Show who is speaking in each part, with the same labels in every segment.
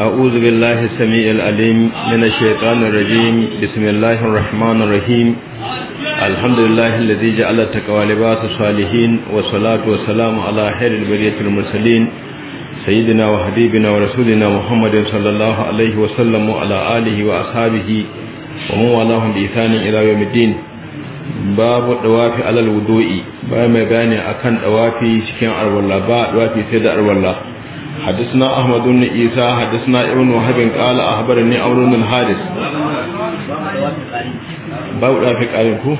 Speaker 1: أعوذ بالله السميع العليم من الشيطان الرجيم بسم الله الرحمن الرحيم الحمد لله الذي جعل التقوى لباس الصالحين والصلاة والسلام على خير البرية المرسلين سيدنا وحبيبنا ورسولنا محمد صلى الله عليه وسلم وعلى آله وأصحابه ومن والاهم بإحسان إلى يوم الدين babu dawafi alal wudu'i ba mai bayani akan dawafi cikin arwalla ba dawafi sai da arwalla Haddasuna Ahmadu na Isah haddasuna yauni wa harbin ƙala a habaren ne auren nan Haris.
Speaker 2: Babu da wafin kare ku?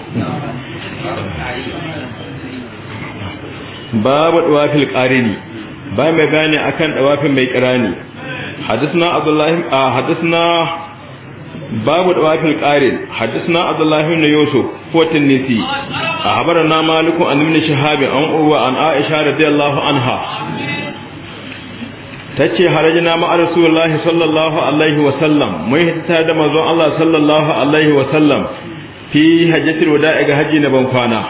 Speaker 1: Babu da wafin kare ni, ba mai bani a kan da Babu da wafin kare Haddasuna Abdullahi na Yusuf 1419 a habaren na Malikun a nuna An-Owa an aisha share Anha. tace harajna ma rasulullahi sallallahu alaihi wa sallam mun hita da manzon Allah sallallahu alaihi wa sallam fi hajjatul wada'i ga haji na ban kwana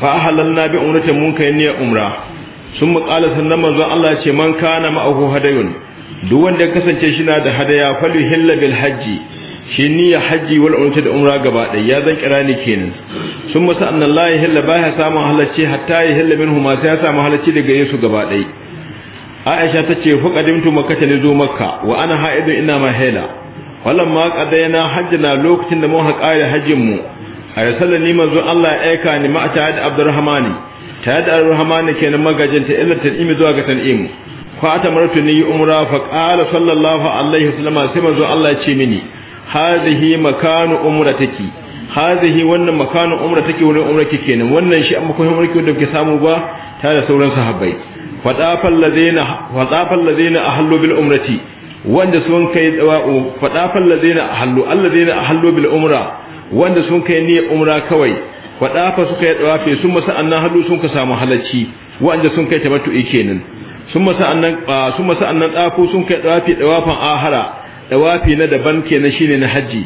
Speaker 1: fa ahallalna bi umratin mun kai niyyar umra sun muqala sannan manzon Allah ce man kana ahu hadayun duk wanda ya kasance shi na da hadaya falu hilla bil hajji shi niyya haji wal umrata da umra gaba da ya zan kira ni kenan sun musa annallahi hilla ba ya samu halacci hatta ya hilla minhu ma sai ya samu halacci daga yesu gaba aisha ta ce fa kadimtu makkata ne zo makka wa ana haidu ina ma hela wallan ma qadaina hajjina lokacin da mu ha kare hajjin mu arsalani manzo Allah ya aika ni ma ta da abdurrahmani ta da abdurrahmani kenan magajin ta illa tan'imi zuwa ga tan'imu fa atamartu ni umra fa qala sallallahu alaihi wasallam sai manzo Allah ya ce mini hadhihi makanu umratiki hadhihi wannan makanu umratiki wannan umrake kenan wannan shi amma ko umrake da kike samu ba ta da sauran sahabbai fadafal ladina fadafal ladina ahallu bil umrati wanda sun kai fadafal ladina ahallu alladina ahallu bil umra wanda sun kai niyyar umra kawai fadafa suka yi fe sun masa annan halu sun ka samu halacci wanda sun kai tamattu'i kenan sun masa annan sun masa annan dafu sun kai dawafi dawafan ahara dawafi na daban kenan shine na haji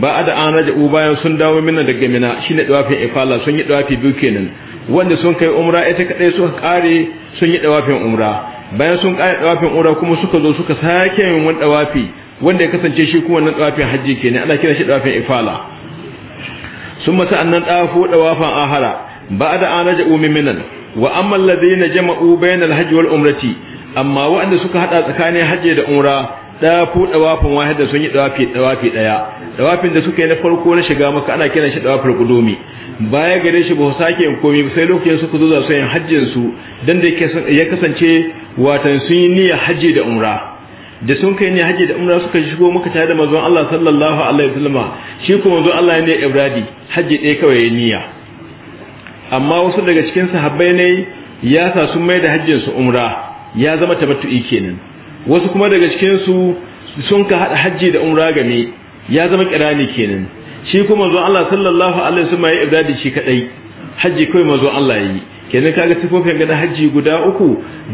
Speaker 1: ba da an raja'u bayan sun dawo mina daga mina shine dawafin ifala sun yi dawafi biyu kenan wanda sun kai umra ita kadai suka kare sun yi dawafin umra bayan sun kare dawafin umra kuma suka zo suka sake yin wani dawafi wanda ya kasance shi kuma wannan dawafin hajji kenan ana kira shi dawafin ifala sun masa annan dawafu dawafan ahara ba'da an raja'u min minan wa amma alladhina jama'u bainal hajji wal umrati amma waɗanda suka hada tsakanin hajji da umra dafu dawafin da sun yi dawafi dawafi daya dawafin da suka yi na farko na shiga maka ana kiran shi dawafin gudumi. baya gare shi ba sake yin komai sai lokacin suka zo za su yin hajjin su dan da ya kasance watan sun yi niyyar haji da umra da sun kai niyyar haji da umra suka shigo maka tare da manzon Allah sallallahu alaihi wasallam shi kuma manzon Allah ne ibradi haji ɗaya kawai ya niyya amma wasu daga cikin sahabbai ne ya sa sun mai da hajjin su umra ya zama tabattu'i kenan wasu kuma daga cikin su sun ka hada hajji da umra game ya zama kirani kenan shi kuma manzo Allah sallallahu alaihi wasallam ya ibada shi kadai hajji kai manzon Allah yi kenan kaga sifofin ga hajji guda uku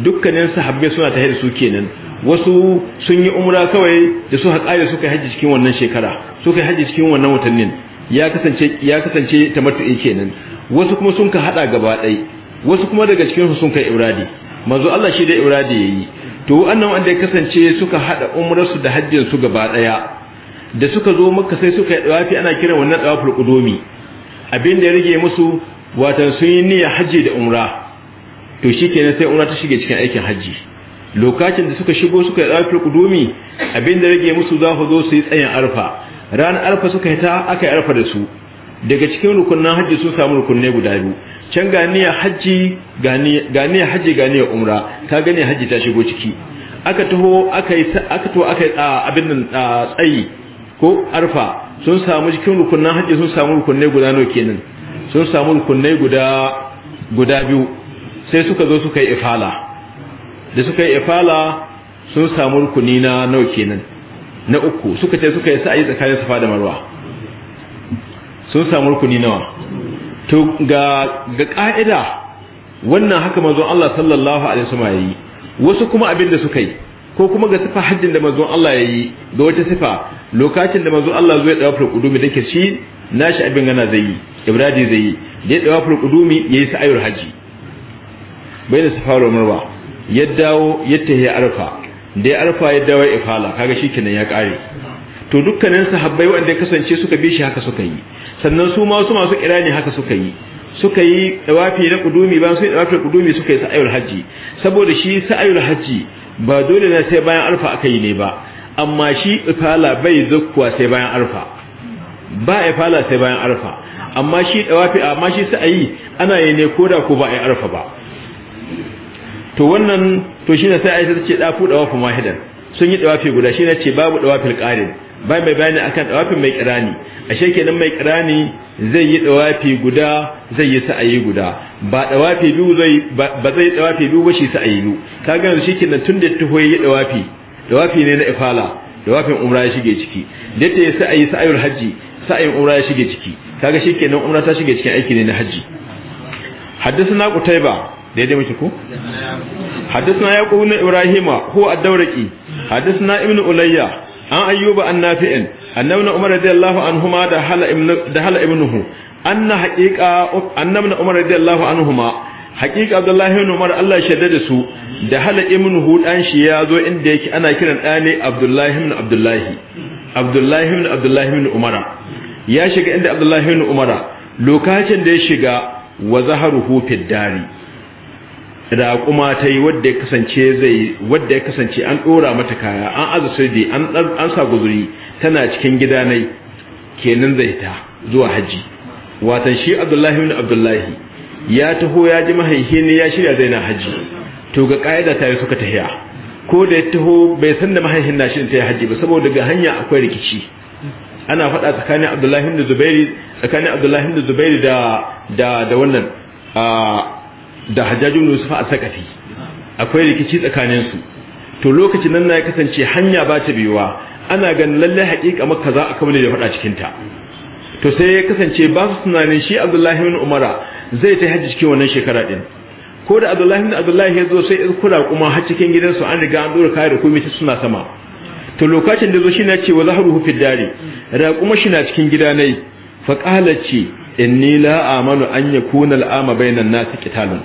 Speaker 1: dukkanin sahabbai suna tare da su kenan wasu sun yi umra kawai da su haƙari suka hajji cikin wannan shekara suka hajji cikin wannan watannin ya kasance ya kasance tamattu'i kenan wasu kuma sun ka hada gaba ɗai wasu kuma daga cikin su sun kai ibradi manzo Allah shi da ibradi yayi to wannan wanda ya kasance suka hada umrarsu da hajjin su gaba daya da suka zo makka sai suka yi dawafi ana kiran wannan dawaful qudumi abin da ya rage musu watan sun yi niyya hajji da umra to shikenan sai umra ta shige cikin aikin hajji lokacin da suka shigo suka yi dawaful qudumi abin da rage musu za ku zo su yi tsayin arfa ranar arfa suka yi ta aka yi arfa da su daga cikin rukunnan hajji sun samu rukunne guda biyu can gani ya hajji gani ya hajji ga niyyar umra ka gane hajji ta shigo ciki aka taho aka yi aka to aka yi abin nan tsayi ko arfa sun samu cikin rukunan hajji sun samu rukunai guda nawa kenan sun samu rukunai guda guda biyu sai suka zo suka yi ifala da suka yi ifala sun samu rukuni na nawa kenan na uku suka ce suka yi sa'ayi tsakanin safa da marwa sun samu rukuni nawa to ga ga ka'ida wannan haka manzon Allah sallallahu alaihi wasallam yayi wasu kuma abin da suka yi ko kuma ga sifa hajjin da manzon Allah yayi ga wata sifa lokacin da manzon Allah zai dawo dumi dake shi nashi abin gana zai yi ibradi zai yi da ya dawo dumi yayi sa'ayur haji bayan safar marwa ya dawo ya tahi arfa da ya arfa ya dawo ifala kaga shikenan ya kare to dukkanin sahabbai wanda kasance suka bi shi haka suka yi sannan su ma wasu masu kirani haka suka yi suka yi dawafi na kudumi ba su yi dawafi na kudumi suka yi sa'ayul hajji saboda shi sa'ayul hajji ba dole ne sai bayan alfa aka yi ne ba amma shi ifala bai zukkuwa sai bayan alfa ba ifala sai bayan alfa amma shi dawafi amma shi sa'ayi ana yi ne koda ko ba a yi alfa ba to wannan to shine sai aisha ta ce dafu dawafu mahidan sun yi dawafi guda shine ce babu dawafil qarin bai mai bayani akan dawafin mai kirani ashe kenan mai kirani zai yi dawafi guda zai yi sa'ayi guda ba dawafi biyu zai ba zai dawafi biyu ba shi sa'ayi biyu kaga yanzu shikenan tun da tuho yi dawafi dawafi ne na ifala dawafin umra ya shige ciki da ta yi sa'ayi sa'ayul hajji sa'ayin umra ya shige ciki Ka kaga shikenan umra ta shige cikin aiki ne na hajji حدثنا قتيبة daidai muke ko حدثنا يعقوب بن ko هو الدورقي حدثنا ibnu ulayya an ayyuba an nafi'in annabi na umar radiyallahu anhuma da hala ibn da hala ibnuhu anna haqiqa annabi na umar radiyallahu anhuma haqiqa abdullahi ibn umar Allah ya shaddada su da hala ibnuhu dan shi ya zo inda yake ana kiran dane abdullahi ibn abdullahi abdullahi ibn abdullahi ibn umar ya shiga inda abdullahi ibn umar lokacin da ya shiga wa zaharuhu fid dari raƙuma ta yi wadda ya kasance zai wadda ya kasance an ɗora mata kaya an aza sirdi an sa guzuri tana cikin gida nai kenan zai ta zuwa haji watan shi Abdullahi ibn Abdullahi ya taho ya ji mahaihi ne ya shirya zai na haji to ga kaida ta suka tahiya ko da ya taho bai san da mahaihin na shirin yi haji ba saboda ga hanya akwai rikici ana faɗa tsakanin Abdullahi ibn Zubairi tsakanin Abdullahi ibn Zubairi da da da wannan ah, da hajjajin yusufa a sakati akwai rikici tsakaninsu to lokacin nan na ya kasance hanya ba ta biyuwa ana ganin lallai haƙiƙa maka za a ne da faɗa cikinta to sai ya kasance ba su tunanin shi abdullahi bin umara zai ta hajji cikin wannan shekara ɗin ko da abdullahi bin abdullahi ya zo sai in kula kuma har cikin gidansu an riga an ɗora kayan rukumi ta suna sama to lokacin da zo shi na ce wa zaharu hufi dare raƙuma shi na cikin gida nai faƙalar ce inni la amanu an yakuna al'ama bainan nasi kitalun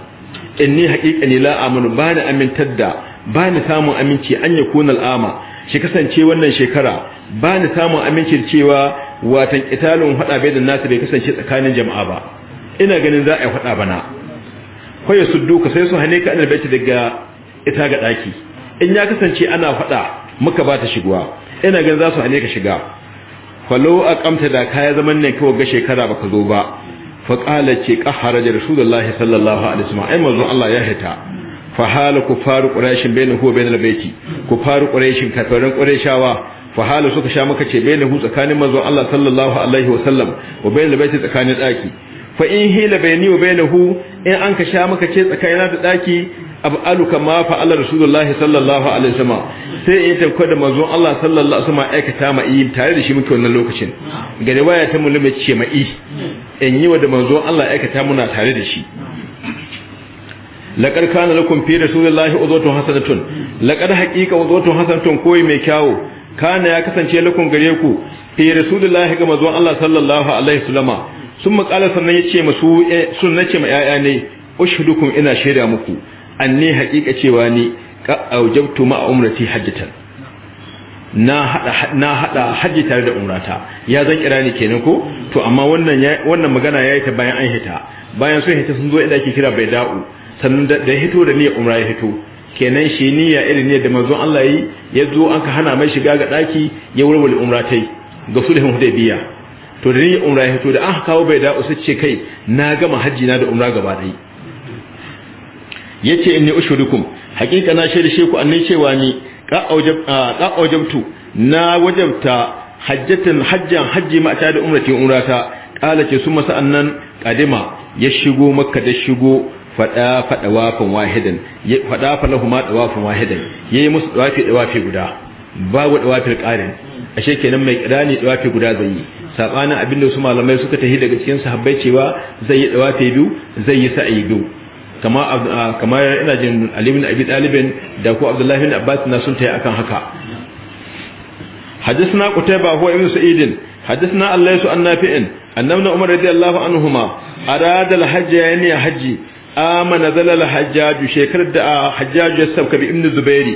Speaker 1: inni haƙiƙa ne la ba ni amintar da ba ni samun aminci an kuna al'ama shi kasance wannan shekara ba ni samun aminci cewa watan italin hada bai da nasu bai kasance tsakanin jama'a ba ina ganin za a yi hada bana kwaye su duka sai su hane ka ana bai daga ita ga daki in ya kasance ana faɗa muka ba ta ina ganin za su hane ka shiga falo a kamta da kaya zaman ne kawai ga shekara baka zo ba faƙala ce ƙahara da rasulullahi sallallahu alaihi wasallam ai manzon Allah ya hita fahala ku faru ƙurashin bai na huwa bai na baiti ku faru ƙurashin kafirin ƙurashawa fahala suka sha maka ce bai tsakanin manzon wa tsakanin fa in hila bayni wa bainahu in an ka sha maka ce tsakanina da daki ma kama fa'ala rasulullahi sallallahu alaihi wasallam sai in ta da manzon Allah sallallahu alaihi wasallam aikata yi tare da shi muke wannan lokacin ga riwaya ta mulmi ce yi in yi wa da manzon Allah aikata muna tare da shi laqad kana lakum fi rasulillahi uzwatun hasanatun laqad haqiqa uzwatun hasanatun koyi mai kyawu kana ya kasance lakum gare ku fi rasulillahi ga manzo Allah sallallahu alaihi wasallama sun makala sannan ya ce masu eh, sun na ce ma ‘ya'ya ne ushidukum ina shaida muku an ne haƙiƙa cewa ni aujabtu ma umrati hajjatan na haɗa hajji tare da umrata ya zan kira ni kenan ko to amma wannan magana ya yi ta bayan an hita bayan sun hita sun zo inda ake kira bai da'u sannan da hito da niyyar umra ya hito kenan shi niyya irin ne da manzon Allah yi ya zo an ka hana mai shiga ga daki ya wurwule umratai ga sulhun hudaybiya to da niyyar umra ya fito da an kawo bai da sai ce kai na gama hajji na da umra gaba dai yace inni ushurukum haqiqa na shaida sheku annai cewa ni ka aujabtu na wajabta hajjatan hajjan hajji ma ta da umrati ta, kala ce summa sa'annan qadima ya shigo makka da shigo fada fada wafin wahidan ya fada falahu ma dawafin wahidan yayi musu dawafi dawafi guda babu dawafin qarin ashe kenan mai kirani dawafi guda zai yi sabanin da su malamai suka tafi daga cikin sahabbai cewa zai yi dawa ta biyu zai yi sa'i biyu kama ah, kama ina jin Ali ibn Abi Talib da ko Abdullah ibn Abbas na sun tafi akan haka hadisna kutaiba ko ibn Sa'id hadisna Allah su annafi in annabna Umar radiyallahu anhuma arada al-hajj yani ya haji amana zalal al-hajjaj shekar da ah, hajjaj ya sauka bi ibn Zubair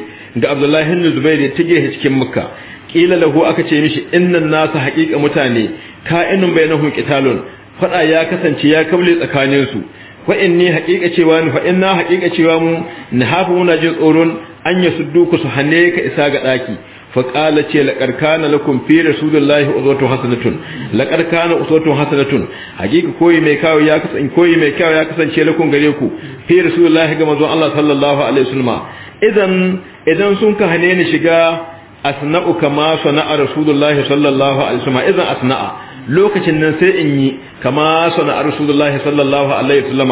Speaker 1: ga Abdullah ibn Zubair ya tije cikin Makka kila lahu aka ce mishi innan nasu haƙiƙa mutane Ka ka'inun bainahum qitalun fada ya kasance ya kable tsakanin su wa inni haƙiƙa cewa ni fa inna haƙiƙa cewa mu na hafu muna jin tsoron an ya suddu ku su hanne ka isa ga ɗaki fa qala ce laqad kana lakum fi lahi uswatun hasanatun laqad kana uswatun hasanatun haƙiƙa koyi mai kawo ya kasance koyi mai kawo ya kasance lakum gare ku fi rasulillahi ga manzon Allah sallallahu alaihi wasallam idan idan sun ka hane ni shiga asna'u kama sana'a rasulullahi sallallahu alaihi wasallam idan asna'a lokacin nan sai in yi kama sana'a rasulullahi sallallahu alaihi wasallam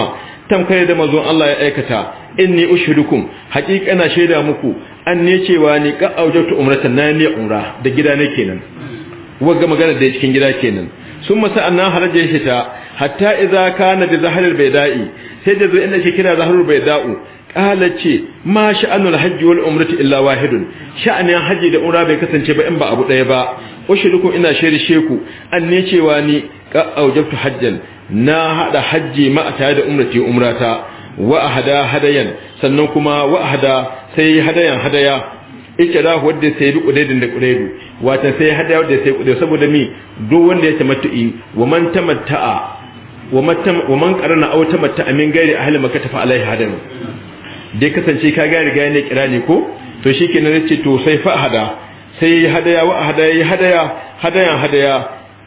Speaker 1: tamkai da mazon Allah ya aikata inni ushidukum haƙiƙa na shaida muku an ne cewa ni ka aujatu umratan na ne umra da gida ne kenan wagga magana da cikin gida kenan sun masa anna halaje shi ta hatta idza kana bi zahril bayda'i sai da zai inda ke kira zahrul bayda'u kala ce ma sha'anul hajji wal umrati illa wahidun sha'anin haji da umra bai kasance ba in ba abu daya ba duku ina shiri sheku ne cewa ni ka aujabtu hajjan na hada hajji ma tare da umrati umrata wa ahada hadayan sannan kuma wa ahada sai hadayan hadaya ikira wadda sai bi kudaidin da kudaidu wata sai hadaya wadda sai kudaidu saboda mi duk wanda ya tamattu'i wa man tamatta'a wa man qarana aw tamatta'a min ghairi ahli makka fa alaihi hadan dai kasance ka ga riga ne kira ne ko to shi kenan ya ce to sai fa hada sai ya hadaya wa hadaya ya hadaya hadayan hadaya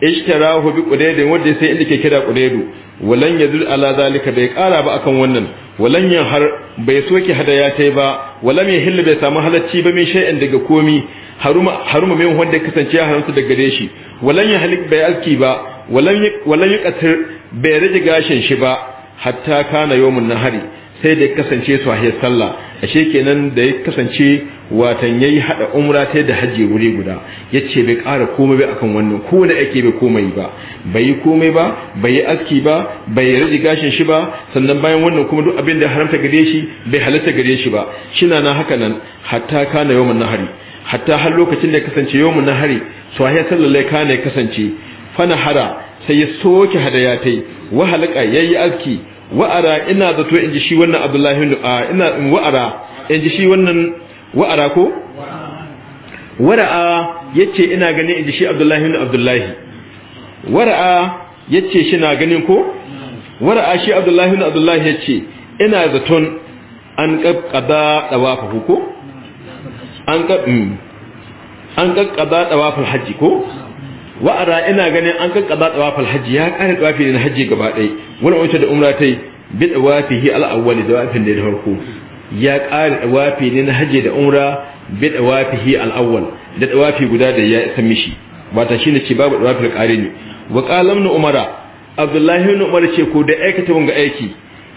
Speaker 1: ishtarahu bi qudaydin wanda sai inda ke kira qudaydu walan yazul ala zalika bai kara ba akan wannan walan yan har bai soke hadaya tai ba walam yahill bai samu halacci ba min shay'in daga komi haruma haruma min wanda kasance ya haramta daga gare shi walan halik bai alki ba walan walan yuqatir bai rage gashin shi ba hatta kana yawmun nahari sai da ya kasance su ahiyar sallah ashe kenan da ya kasance watan ya yi haɗa umra ta da hajji wuri guda ya ce bai ƙara komai ba akan wannan ko da ake bai komai ba bai yi komai ba bai yi aski ba bai yi rage gashin shi ba sannan bayan wannan kuma duk abin da ya haramta gare shi bai halatta gare shi ba shina na haka nan hatta kana yawan nahari hatta har lokacin da ya kasance yawan nahari sahih Sallah kana ya kasance fana hara sai ya soke hadaya tai wahalaka ya yi aski wa'ara ina zato in ji shi wannan abdullahi ina wa'ara in ji shi wannan wa'ara ko wara'a yace ina ganin in ji shi abdullahi ibn abdullahi wara'a yace shi na ganin ko wara'a shi abdullahi ibn abdullahi yace ina zaton an kakkada dawafu ko an kakkin mm, an kakkada dawaful haji ko wa'ara ina ganin an kakkada dawaful haji ya kare dawafi din haji gaba ɗaya wani wace da umra ta yi bid wafihi al'awwali da wafin da ya farko ya ƙari wafi ne na hajji da umra wafi wafihi al'awwal da wafi guda da ya san mishi ba ta shine ce babu wafi ƙari ne wa qalam nu umara abdullahi ibn umar ce ko da aikata wanga aiki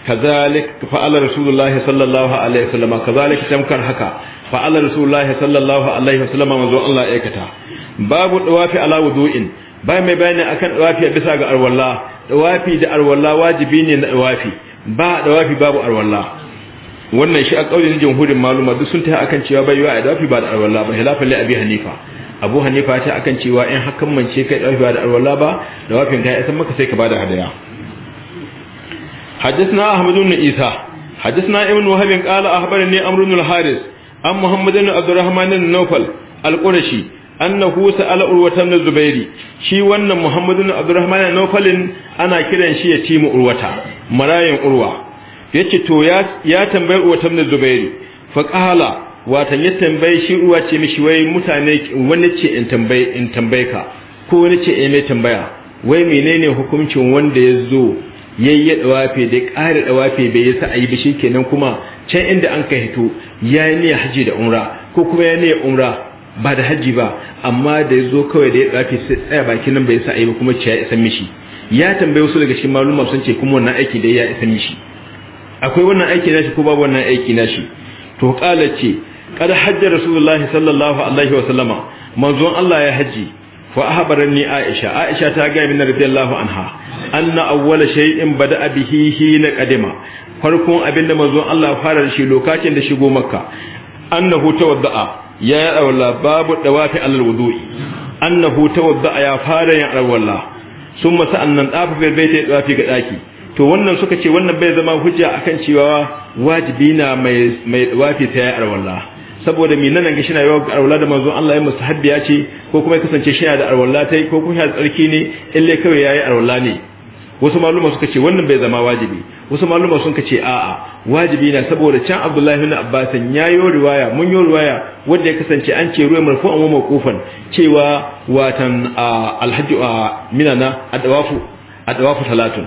Speaker 1: kazalik fa'ala rasulullahi sallallahu alaihi wasallam kazalik tamkar haka fa'ala rasulullahi sallallahu alaihi wasallam manzo Allah aikata babu dawafi ala wudu'in bai mai bayani akan dawafi bisa ga alwala dawafi da alwala wajibi ne na dawafi ba dawafi babu alwala wannan shi a kaulin jamhurin maluma duk sun taya akan cewa bai yiwa dawafi ba da alwala ba hilafin li abi hanifa abu hanifa ta akan cewa in hakan mance kai dawafi ba da alwala ba dawafin kai san maka sai ka bada hadaya حدثنا أحمد بن إيسى حدثنا ابن وهب قال أخبرني أمر بن الحارث عن محمد بن عبد الرحمن بن نوفل القرشي annahu sa'ala urwata min zubairi shi wannan muhammadun abdurrahman nawfalin ana kiran shi ya timu urwata marayin urwa yace to ya ya tambayar urwata min zubairi fa qala watan ya tambaye shi urwa ce mishi wai mutane wani ce in tambaye in tambaye ka ko wani ce eh mai tambaya wai menene hukuncin wanda ya zo yayye dawafe da ƙara dawafe bai yasa ayi ba kenan kuma can inda an ka hito yayi ne haji da umra ko kuma yayi ne umra ba da hajji ba amma da ya zo kawai da ya tsafi sai tsaya baki nan bai sa a yi ba kuma ce ya isa mishi ya tambaye wasu daga cikin malum sun ce kuma wannan aiki da ya isa mishi akwai wannan aiki nashi ko babu wannan aiki nashi to kala ce kad hajja rasulullahi sallallahu alaihi wa sallama manzon Allah ya haji fa ahbarani aisha aisha ta ga min radiyallahu anha anna awwala shay'in bada'a bihi hina qadima farkon abinda manzon Allah fara shi lokacin da shigo makka annahu tawadda'a ya aula babu da wafi alal wudu'i annahu tawadda ya fara yin alwala summa annan dafa bai da wafi ga daki to wannan suka ce wannan bai zama hujja akan cewa wajibi na mai mai ta yi alwala saboda mi nan ga shi na yawa alwala da manzon Allah ya mustahabbi ya ce ko kuma ya kasance shi da alwala tai ko kuma da tsarki ne ille kawai yayi alwala ne wasu maluma suka ce wannan bai zama wajibi wasu maluma suka ce a'a wajibi na saboda can Abdullahi bin Abbas ya yi riwaya mun yi riwaya wanda ya kasance an ce ruwa an wa kufan cewa watan alhaji minana adawafu adawafu salatun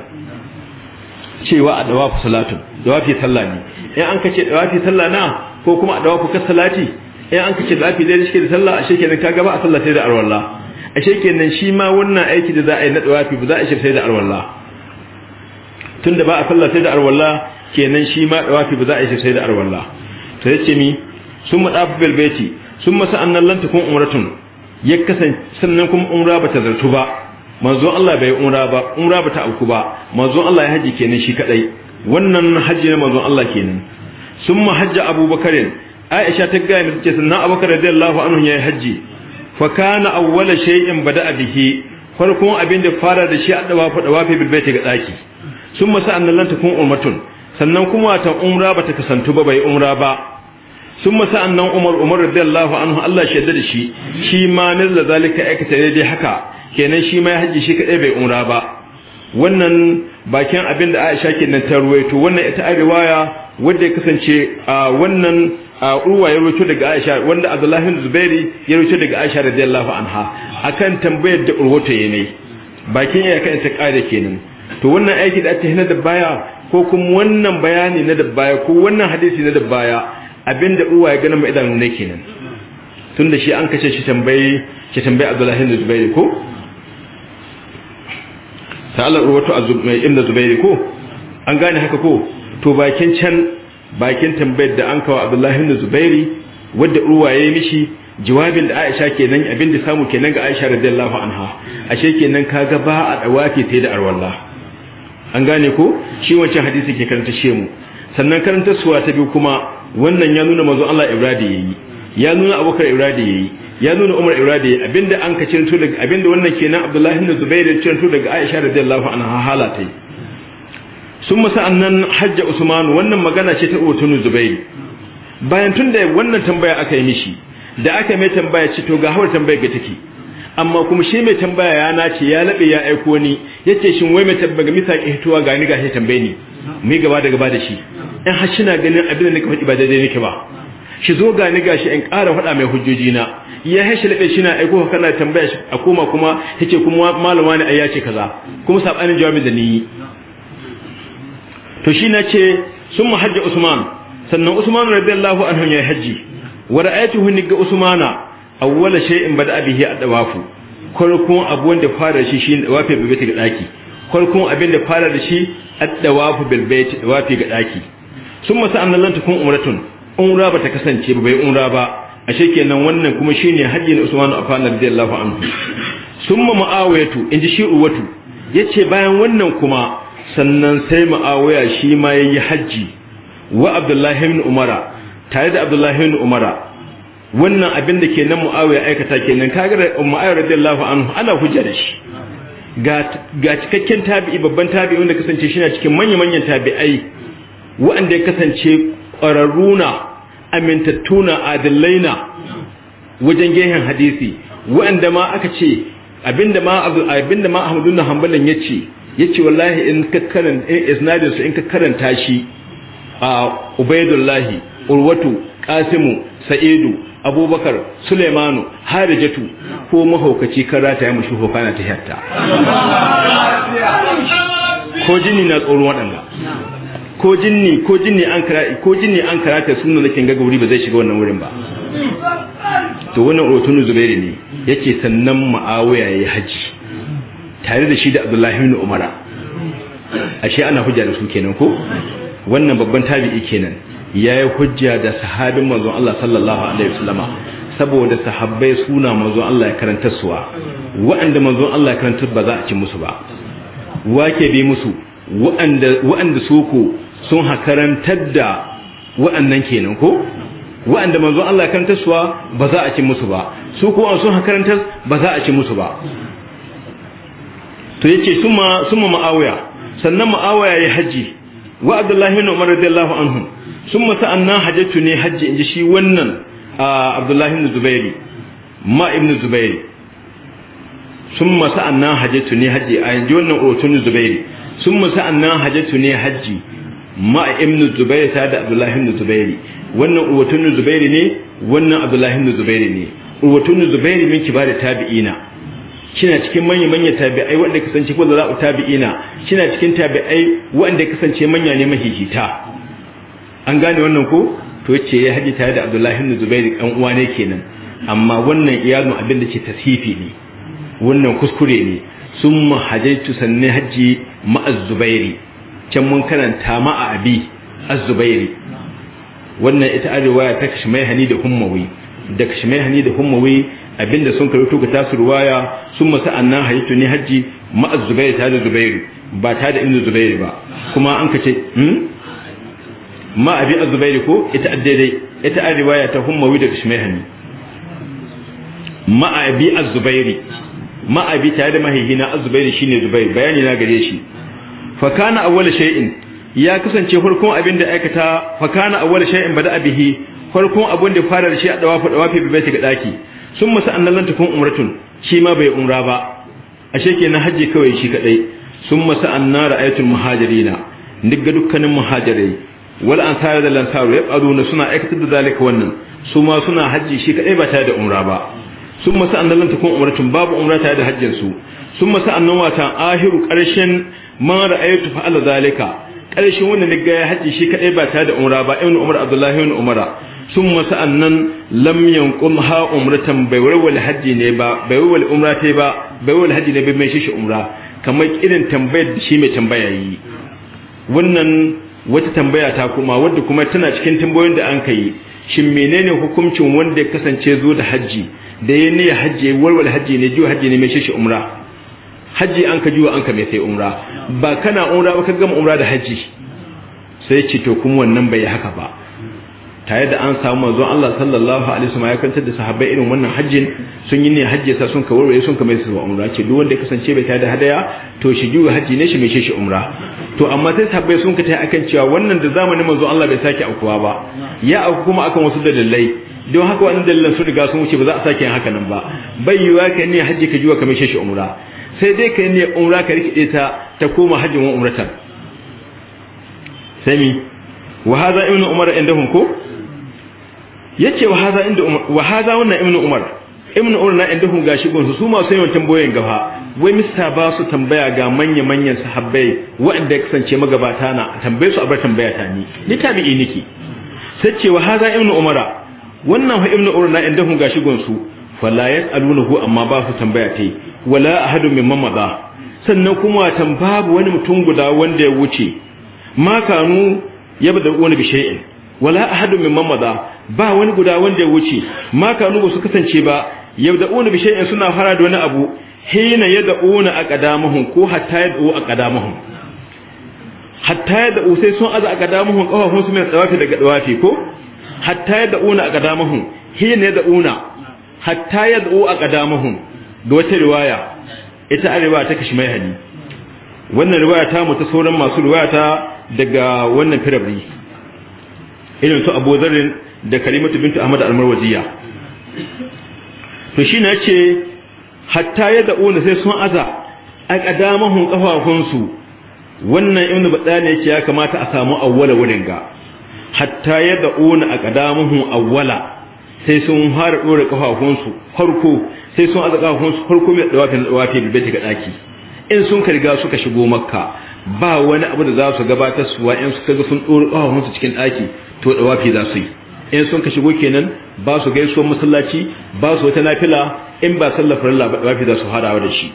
Speaker 1: cewa adawafu salatun dawafi sallah ne in an kace dawafi sallah na ko kuma adawafu kasalati in an kace dawafi dai shi da sallah ashe da ka gaba a sallah sai da arwallah ashe kenan shi ma wannan aiki da za a yi na tsawafi ba za a shi sai da Tun tunda ba a sallah sai da arwalla kenan shi ma tsawafi ba za a yi sai da arwalla to yace mi sun madafu bil baiti sun masa annan lan takun umratun ya kasance sannan kuma umra ba ta zartu ba manzo Allah bai umra ba umra ba ta auku ba manzo Allah ya haji kenan shi kadai wannan haji ne manzo Allah kenan sun mahajja hajja abubakarin aisha ta gaya mai ce sannan abubakar radiyallahu anhu ya yi haji fa kana awwala shay'in bada'a bihi farkon abin da fara da shi a dawafa fi bil baiti ga daki sun masa lan takun ummatun sannan kuma ta umra bata kasantu ba bai umra ba sun masa annan umar umar radiyallahu anhu Allah shi da shi shi ma nazla zalika aikata dai haka kenan shi ma ya haji shi kadai bai umra ba wannan bakin abin da Aisha kenan ta to wannan ita ai riwaya wanda ya kasance a wannan a urwa ya roce daga aisha wanda abdullahi zubairi ya roce daga aisha radiyallahu anha akan tambayar da urwata ya ne bakin ya kan ta kare kenan to wannan aiki da ake hina da baya ko kuma wannan bayani na da baya ko wannan hadisi na da baya abinda uwa ya gana mai idan ne kenan tunda shi an kace shi tambayi ki tambaye abdullahi zubairi ko sa'alar urwatu ibn zubairi ko an gane haka ko to bakin can bakin tambayar da an kawo abdullahi ibn zubairi wadda urwa ya yi mishi jawabin da aisha kenan abin da samu kenan ga aisha radiyallahu anha ashe kenan kaga ba a dawafi yi da arwalla an gane ko shi wancan hadisi ke karanta she mu sannan karanta suwa ta biyu kuma wannan ya nuna manzo Allah ibradi yayi ya nuna abubakar ibradi yayi ya nuna umar ibradi yayi abinda an ka ciranto daga abinda wannan kenan abdullahi ibn zubairi ya ciranto daga aisha radiyallahu anha halatai sun musa annan hajja usmanu wannan magana ce ta utunu Zubairu. bayan tun da wannan tambaya aka yi mishi da aka mai tambaya ce to ga hawar tambayar ga take amma kuma shi mai tambaya ya nace ya labe ya aiko ni yace shin wai mai tambaya misa ki hituwa ga ni ga shi tambaye ni mai gaba da gaba da shi in har shi na ganin abin da nake faɗi ba daidai nake ba shi zo ga ni gashi in ƙara faɗa mai hujjoji na ya hashe labe shi na aiko kana tambaya shi a koma kuma yace kuma malama ne ai ya kaza kuma sabanin jawabin da ni to shi na ce sun hajji usman sannan usman radiyallahu anhu ya haji wa ra'aytuhu ni ga usmana awwala shay'in bada bihi adawafu farkon abu wanda fara shi shi wafi bai ga daki farkon abin da fara da shi adawafu bil bait wafi ga daki Sun summa sa'annan lan kun umratun umra ba ta kasance ba bai umra ba ashe kenan wannan kuma shine hajji na usman afan radiyallahu anhu summa muawiyatu inji shi uwatu yace bayan wannan kuma sannan sai ma'awaya shi ma ya yi hajji wa abdullahi ibn umara tare da abdullahi ibn umara wannan abin da ke nan muawiya aikata kenan kaga da muawiya radiyallahu anhu ana hujja da shi ga cikakken tabi'i babban tabi'i wanda kasance shi na cikin manyan manyan tabi'ai wa'anda ya kasance ƙwararruna amintattuna adillaina wajen gehen hadisi wa'anda ma aka ce abinda ma abinda ma Ahmadu bin Hanbalan ce. yace wallahi in ka karanta in eh, isnadin su in ka karanta shi a ubaidullahi urwatu qasimu sa'idu abubakar sulaimanu harijatu ko mahaukaci karata ya mushi hokana ta hatta ko jini na tsoron waɗanda ko jinni ko jinni an karata ko jinni an karata sunan da kin ga gauri?" ba zai shiga wannan wurin ba to wannan urwatu zubairu ne yace sannan muawiya yayi haji tare da shi da abdullahi bin umara ashe ana hujja da su kenan ko wannan babban tabi'i kenan yayi hujja da sahabin manzon Allah sallallahu alaihi wasallama saboda sahabbai suna manzon Allah ya karanta suwa waɗanda manzon Allah ya karanta ba za a ci musu ba wake bi musu waɗanda waɗanda soko sun hakarantar da waɗannan kenan ko waɗanda manzon Allah ya karanta suwa ba za a ci musu ba su ko an sun hakarantar ba za a ci musu ba to yace summa summa muawiya sannan muawiya ya haji wa abdullahi ibn umar radiyallahu anhu summa sa'anna hajjatu ne haji inji shi wannan abdullahi ibn zubairi ma ibn zubairi summa sa'anna hajjatu ne haji a inji wannan otun zubairi summa sa'anna hajjatu ne haji ma ibn zubairi ta da abdullahi ibn zubairi wannan otun zubairi ne wannan abdullahi ibn zubairi ne otun zubairi min kibar tabi'ina kina cikin manya manya tabi'ai wanda kasance ko za tabi'ina kina cikin tabi'ai wanda kasance manya ne mahihita an gane wannan ko to yace ya haji tare da Abdullahi ibn Zubair dan uwa ne kenan amma wannan iyalin abin da ke tasifi ne wannan kuskure ne summa hajaitu sanne haji ma'az Zubairi can mun karanta ma'a abi az-Zubairi wannan ita arwaya ta Kashmai Hani da Hummawi da Kashmai Hani da Hummawi abinda sun kai to ga tasu ruwaya sun masa annan haitu ne haji ma'a zubairu ta da zubairu ba ta da inda zubairu ba kuma an ka ce hmm? ma abi Zubairu ko ita daidai ita a riwaya ta hummawi da ishmaihani ma abi Zubairu ma abi tare da mahihina azubairu shine zubairu bayani na gare shi fa kana awwal shay'in ya kasance farkon abin da aikata fa kana awwal shay'in bada abihi farkon abin da fara da shi a dawafa dawafi bi baiti ga daki sun masu annalan tukun umratun shi ma bai umra ba ashe na hajji kawai shi kadai sun masu annara ayatul muhajirina digga dukkanin muhajirai wal ansar da lansaru ya na suna aikatar da zalika wannan su ma suna hajji shi kadai ba tare da umra ba sun masu annalan tukun umratun babu umra tare da hajjin su sun masu annan watan ahiru karshen ma ra'aytu fa'ala zalika karshen wannan digga ya hajji shi kadai ba tare da umra ba ibn umar abdullahi ibn umara sun masu annan lamyan yanqum ha umratan bai warwal hajji ne ba bai warwal umra tai ba bai warwal hajji ne bai mai shi umra kamar irin tambayar da shi mai tambaya yi wannan wata tambaya ta kuma wadda kuma tana cikin tambayoyin da an kai shin menene hukuncin wanda ya kasance zo da hajji da ya ne hajji warwal hajji ne jiwa hajji ne mai shi umra hajji an ka jiwa an ka mai sai umra ba kana umra ba ka gama umra da hajji sai ce to kuma wannan bai haka ba tare da an samu manzo Allah sallallahu alaihi wasallam ya kantar da sahabbai irin wannan hajjin sun yi ne hajji sa sun kawarware sun kamar su umra ce duk wanda ya kasance bai tare da hadaya to shi juwa hajji ne shi mai shi umra to amma sai sahabbai sun kai akan cewa wannan da zamanin manzo Allah bai sake aukuwa ba ya auku kuma akan wasu dalilai don haka wannan dalilan sun riga sun wuce ba za a sake yin haka nan ba bai yiwa ka ne hajji ka juwa kamar shi umra sai dai ka ne umra ka rike ta ta koma hajjin wa umratan sami wa hadha ibn umar indahum ko yace wa haza inda wa haza wannan ibnu umar ibnu umar na inda hu gashi gon su ma sai wannan tambayoyin gaba wai mista ba su tambaya ga manya manyan sahabbai waɗanda ya kasance magabata na tambaye su abar tambaya ta ni ni tabi'i niki sai ce wa haza ibnu umara wannan fa ibnu umar na inda hu gashi su fala yas'alunahu amma ba su tambaya tai wala ahadu min mamada sannan kuma tan wani mutum guda wanda ya wuce ma kanu yabda wani bishai'in wala ahadun mimman maza ba wani guda wanda ya wuce ma kanu ba su kasance ba yabda'una bi shay'in suna fara da wani abu hina yad'una aqdamahum ko hatta yad'u aqdamahum hatta yad'u sai sun aza aqdamahum kafafun su mai tsawafi daga dawafi ko hatta yad'una aqdamahum hina yad'una hatta yad'u aqdamahum ga wata riwaya ita arewa ta kashi mai hali wannan riwaya ta mutu sauran masu riwaya ta daga wannan firabri irin su Abu zarin da kalimatu bintu Ahmad al-Marwaziya to shi na ce hatta ya da'una sai sun aza a kadamahun kafafunsu wannan ibnu badani yake ya kamata a samu awwala wurin ga hatta ya da'una a kadamahun awwala sai sun fara dora kafafunsu farko sai sun aza kafafunsu farko mai dawafin dawafi da baiti ga daki in sun karga suka shigo makka ba wani abu da za su gabatar suwa in suka ga sun dora kafafunsu cikin daki to wafi za su yi in sun ka shigo kenan ba su gaisuwar masallaci ba su wata nafila in ba sallafa farilla ba wafi za su harawa da shi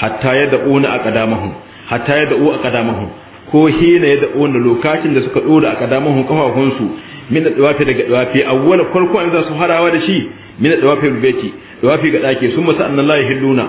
Speaker 1: hatta ya ona a kadamahu hatta ya da'u a kadamahu ko hina ya ona lokacin da suka dora a kadamahu kafafun su min wafi daga wafi awwal farko an za su harawa da shi min dawafi baiti wafi ga dake sun masa annallahi hilluna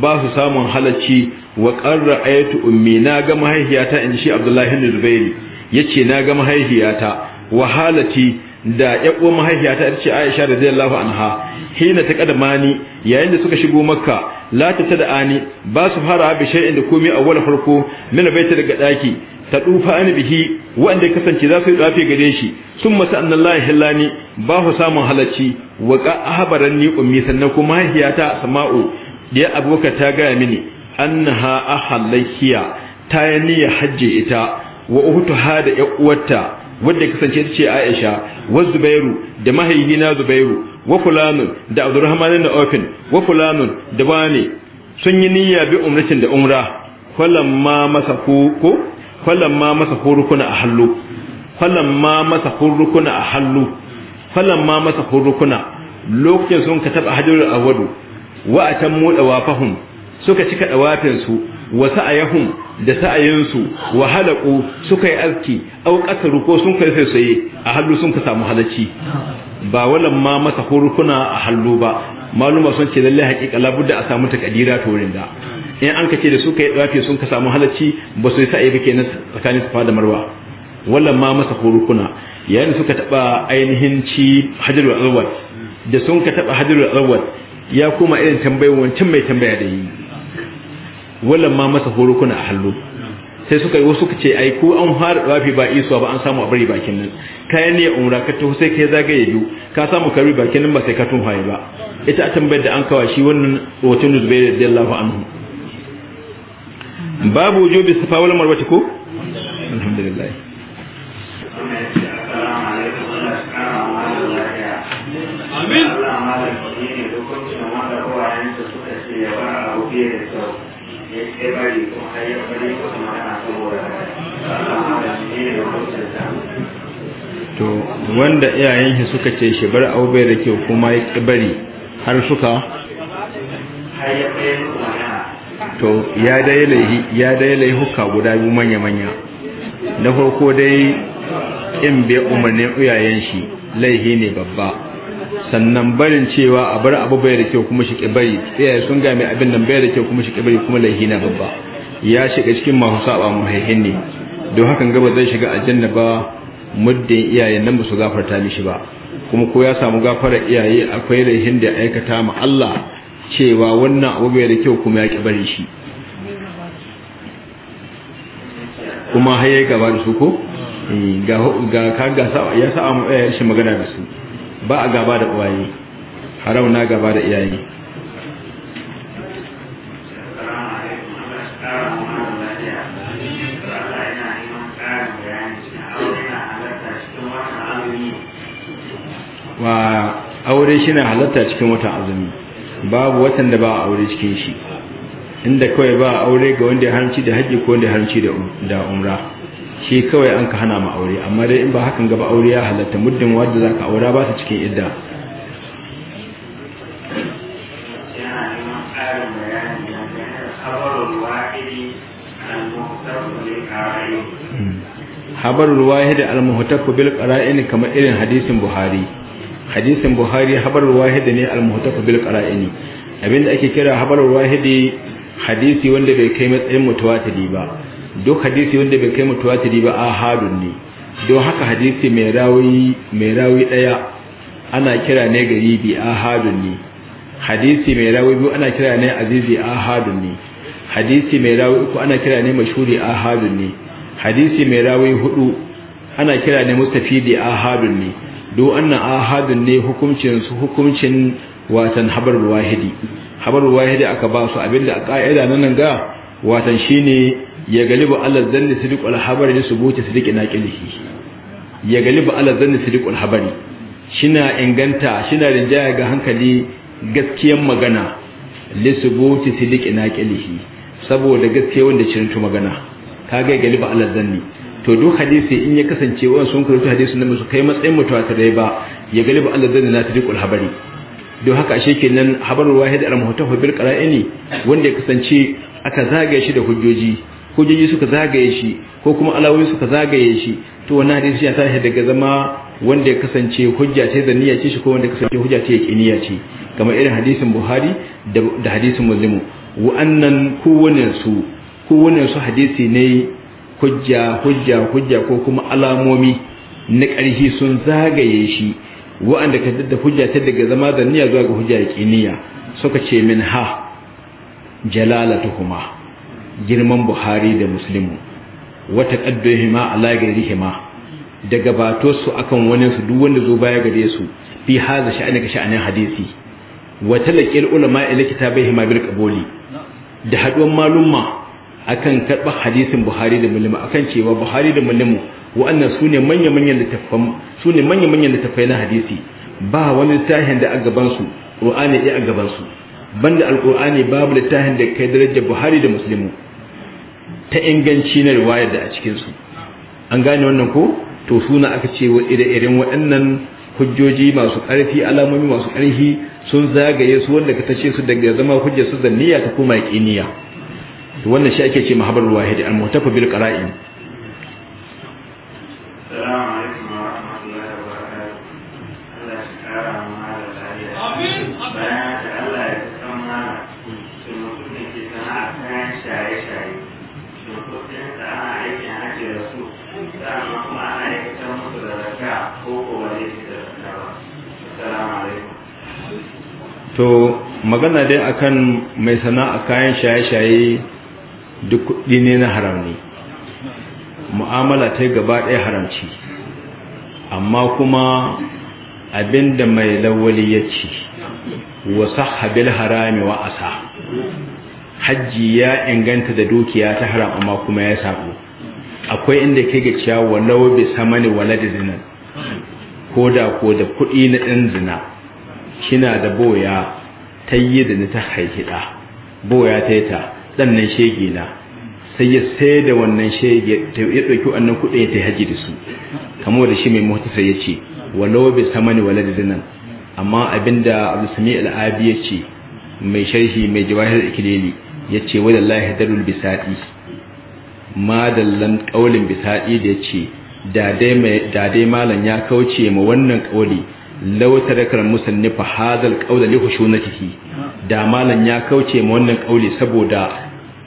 Speaker 1: ba su samun halacci wa qarra ayatu ummi na ga mahaihiyata inji shi abdullahi ibn zubairi yace na ga mahaihiyata wahalati da yakuwar mahaifiyata ta ce Aisha radiyallahu anha hina ta kadamani yayin da suka shigo Makka la ta tadani ba su fara bi shay'in da komai wala farko min baita daga daki ta dufa an bihi wanda kasance za su yi dafi gare shi summa sanallahi hillani ba hu samun halacci wa ka ni ummi sannan kuma mahaifiyata sama'u da abubakar ta gaya mini annaha ahallahiya ta yi niyyar hajji ita wa uhutuha da yakuwarta wadda kasance ta ce Aisha wa Zubairu da mahaihina Zubairu wa fulanun da Abdurrahman da ofin wa fulanun da bane sun yi niyya bi umratin da umra ma masa ko falamma masa hurukuna a hallu ma masa hurukuna a hallu ma masa hurukuna lokacin sun ka taba hajarul awadu wa atammu dawafahum suka cika dawafin su wa sa'ayahum da sa'ayinsu wa halaku suka yi aski au kasaru ko sun kai sai sai a hallu sun ka samu halacci ba walan ma masa hurkuna a hallu ba maluma sun ce lalle haƙiƙa labudda a samu takadira to wurin in an ka ce da suka yi dafi sun ka samu halacci ba su yi sa'ayi ba kenan tsakanin safa da marwa walan ma masa hurkuna yayin suka taba ainihin ci hajarul azwat da sun ka taba hajarul azwat ya kuma irin tambayoyin wancan mai tambaya da yi wallan ma masa horo kuna a hallu sai suka yi wasu suka ce ai ko an fara dawafi ba isuwa ba an samu a bari bakin nan kayan ne umra ka taho sai ya zagaye biyu ka samu kari bakin nan ba sai ka tunhaye ba ita a tambayar da an kawa shi wannan hoton Zubair radiyallahu anhu babu wujubi safa wal marwa ko alhamdulillah
Speaker 2: amin to
Speaker 1: wanda iyayen shi suka ce shi bar aube da kyau kuma ya bari har suka to ya dai ya dai laihi huka guda biyu manya manya na farko dai in bai umarnin iyayen shi laihi ne babba sannan barin cewa a bar abu bai da kyau kuma shi ke bari iyaye sun game abin nan bai da kyau kuma shi ke bari kuma laihi na babba ya shiga cikin masu saba mu haihin ne don hakan gaba zai shiga aljanna ba muddin iyayen nan ba su gafarta mishi ba kuma ko ya samu gafara iyaye akwai laihin da aikata ma Allah cewa wannan abu bai da kyau kuma ya kibari bari shi kuma haye gaba da su ko eh, ga ga ka ga ya sa eh, shi magana da su ba a gaba da uwaye haram na gaba da iyaye wa aure shi na halatta cikin wata azumi babu watan da ba a aure cikin shi inda kawai ba aure ga wanda ya haramci da haji ko wanda ya haramci da um, umra shi kawai an ka hana ma'aure amma dai in ba hakan gaba aure ya halatta muddin wadda za ka aura ba su cikin idda habarul wahid al-muhtaku bil qara'in kamar irin hadisin buhari hadisin buhari habarul wahid ne al-muhtaku bil qara'in abinda ake kira habarul wahid hadisi wanda bai kai matsayin mutawatiri ba duk hadisi wanda bai kai mutawatiri ba ahadun ne don haka hadisi mai rawi mai daya ana kira ne garibi ahadun ne hadisi mai rawi biyu ana kira ne azizi ahadun ne hadisi mai rawi uku ana kira ne mashhuri ahadun ne hadisi mai rawi hudu ana kira ne mustafidi ahadun ne duk annan ahadun ne hukuncin su hukuncin watan habar wahidi habar wahidi aka ba su abinda a ka'ida nan ga watan shine ya ba Allah zanni sidiqul habari li subuti sidiqi naqilihi ya ba Allah zanni sidiqul habari shina inganta shina rinjaya ga hankali gaskiyar magana li subuti sidiqi naqilihi saboda gaskiya wanda shirintu magana gai gali ba Allah zanni to duk hadisi in ya kasance wa sun karanta hadisin nan su kai matsayin mutawatir ba ya ba Allah zanni la sidiqul habari don haka ashe kenan habarul wahid al muhtafa bil qara'ini wanda ya kasance aka zagaye shi da hujjoji hujjoji suka zagaye shi ko kuma alawoyi suka zagaye shi to wannan hadisi ya tashi daga zama wanda ya kasance hujja ce da niyya ce shi ko wanda ya kasance hujja ce yake niyya ce kamar irin hadisin Buhari da hadisin Muslim wa'annan kowane su kowane su hadisi ne hujja hujja hujja ko kuma alamomi na ƙarfi sun zagaye shi wa'anda ka da hujja ta daga zama da niyya zuwa ga hujja ya niyya suka ce min ha jalalatuhuma girman buhari da muslimu wata ƙaddohima ala hima. da gabato su akan wani su duk wanda zo baya gare su fi haza sha'ani ka sha'anin hadisi wa talaqil ulama ila hima bil qaboli da haduwan malumma akan karba hadisin buhari da muslimu akan cewa buhari da muslimu wa'annan sune manyan manyan littafan sune manyan manyan littafai na hadisi ba wani littafin da a gaban su qur'ani a gaban su banda alqur'ani babu littafin da kai darajar buhari da muslimu ta inganci na riwayar da a cikinsu an gane wannan ko to suna aka ce wa ire-iren waɗannan hujjoji masu ƙarfi alamomi masu ƙarfi sun zagaye su wanda ka tace su daga zama hujjar su zanniya ta koma yaƙiniya wannan shi ake ce mahabar wahidi al-mutafa bil qara'in to magana dai akan mai sana'a kayan shaye-shaye duk kuɗi ne na haram ne mu'amala ta gaba ɗaya haramci amma kuma abinda mai lawali ya ci, wasu habil harami wa asa hajji ya inganta da dukiya ta haram amma kuma ya sabu akwai inda ke ga ciyawa lawa bi samani da zinan ko da ko da kuɗi na ɗin zina Kina da boya ta yi da ni ta haihida boya ta yi ta ɗannan shege na sai ya sai da wannan shege ya ɗauki wannan kuɗi ya ta haji da su kamar da shi mai muhtasa ya ce walau bi samani wala da dinan amma abinda abu sami al'abi ya ce mai sharhi mai jawahir ikilili ya ce wadda lahi darul bisaɗi dallan ƙaulin bisaɗi da ya ce da dai malam ya kauce ma wannan ƙauli Lauta taraka al-musannif hadha al-qawl li da malan ya kauce ma wannan kauli saboda